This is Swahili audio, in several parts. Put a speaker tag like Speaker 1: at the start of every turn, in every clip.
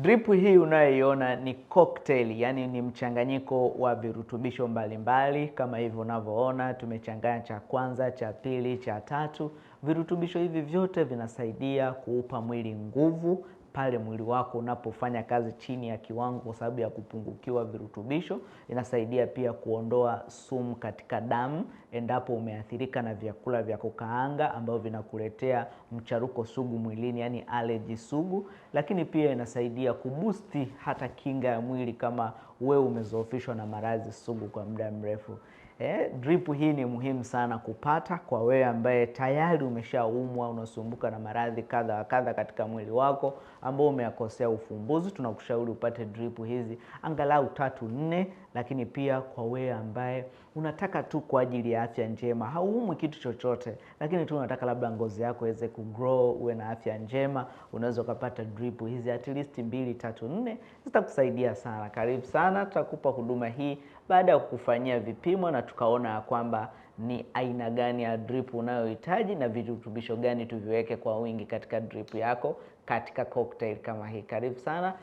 Speaker 1: Drip hii unayoiona ni cocktail, yani ni mchanganyiko wa virutubisho mbalimbali mbali, kama hivyo unavyoona tumechanganya cha kwanza, cha pili, cha tatu. Virutubisho hivi vyote vinasaidia kuupa mwili nguvu pale mwili wako unapofanya kazi chini ya kiwango kwa sababu ya kupungukiwa virutubisho. Inasaidia pia kuondoa sumu katika damu endapo umeathirika na vyakula vya kukaanga ambavyo vinakuletea mcharuko sugu mwilini, yani allergy sugu. Lakini pia inasaidia kubusti hata kinga ya mwili kama uwe umezoofishwa na maradhi sugu kwa muda mrefu. Eh, drip hii ni muhimu sana kupata kwa wewe ambaye tayari umeshaumwa, unasumbuka na maradhi kadha wa kadha katika mwili wako ambao umeyakosea ufumbuzi. Tunakushauri upate drip hizi angalau tatu nne, lakini pia kwa wewe ambaye unataka tu kwa ajili ya afya njema, hauumwi kitu chochote, lakini tu unataka labda ngozi yako iweze kugrow, uwe na afya njema, unaweza ukapata drip hizi at least mbili tatu nne, zitakusaidia sana. Karibu sana sana tutakupa huduma hii baada ya kufanyia vipimo na tukaona ya kwamba ni aina gani ya drip unayohitaji na virutubisho gani tuviweke kwa wingi katika drip yako katika cocktail kama hii. Karibu sana.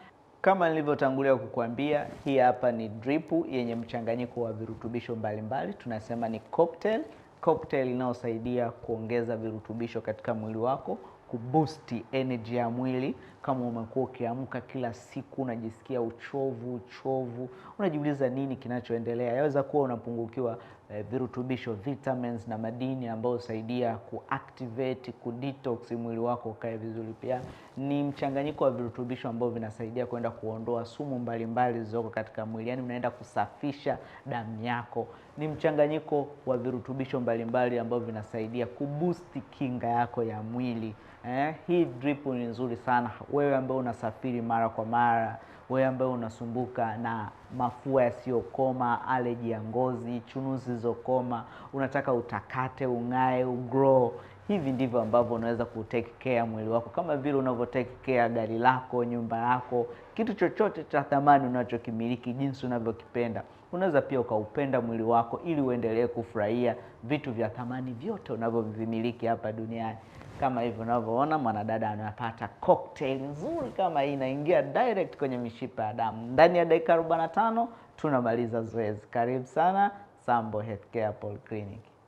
Speaker 1: Kama nilivyotangulia kukuambia, hii hapa ni drip yenye mchanganyiko wa virutubisho mbalimbali Tunasema ni cocktail, cocktail inayosaidia kuongeza virutubisho katika mwili wako kubusti energy ya mwili. Kama umekuwa ukiamka kila siku unajisikia uchovu uchovu, unajiuliza nini kinachoendelea, yaweza kuwa unapungukiwa eh, virutubisho vitamins na madini ambayo husaidia kuactivate kudetox mwili wako ukae vizuri. Pia ni mchanganyiko wa virutubisho ambavyo vinasaidia kwenda kuondoa sumu mbalimbali zilizoko katika mwili, yani unaenda kusafisha damu yako. Ni mchanganyiko wa virutubisho mbalimbali ambavyo vinasaidia kubusti kinga yako ya mwili. Eh, hii drip ni nzuri sana wewe ambaye unasafiri mara kwa mara, wewe ambaye unasumbuka na mafua yasiyokoma, aleji ya ngozi, chunu zokoma, unataka utakate, ung'ae, ugrow. Hivi ndivyo ambavyo unaweza kutake care mwili wako kama vile unavyotake care gari lako, nyumba yako, kitu chochote cha thamani unachokimiliki, jinsi unavyokipenda unaweza pia ukaupenda mwili wako ili uendelee kufurahia vitu vya thamani vyote unavyovimiliki hapa duniani. Kama hivyo unavyoona, mwanadada anapata cocktail nzuri kama hii, inaingia direct kwenye mishipa ya damu. Ndani ya dakika 45 tunamaliza zoezi. Karibu sana Sambo Healthcare Polyclinic.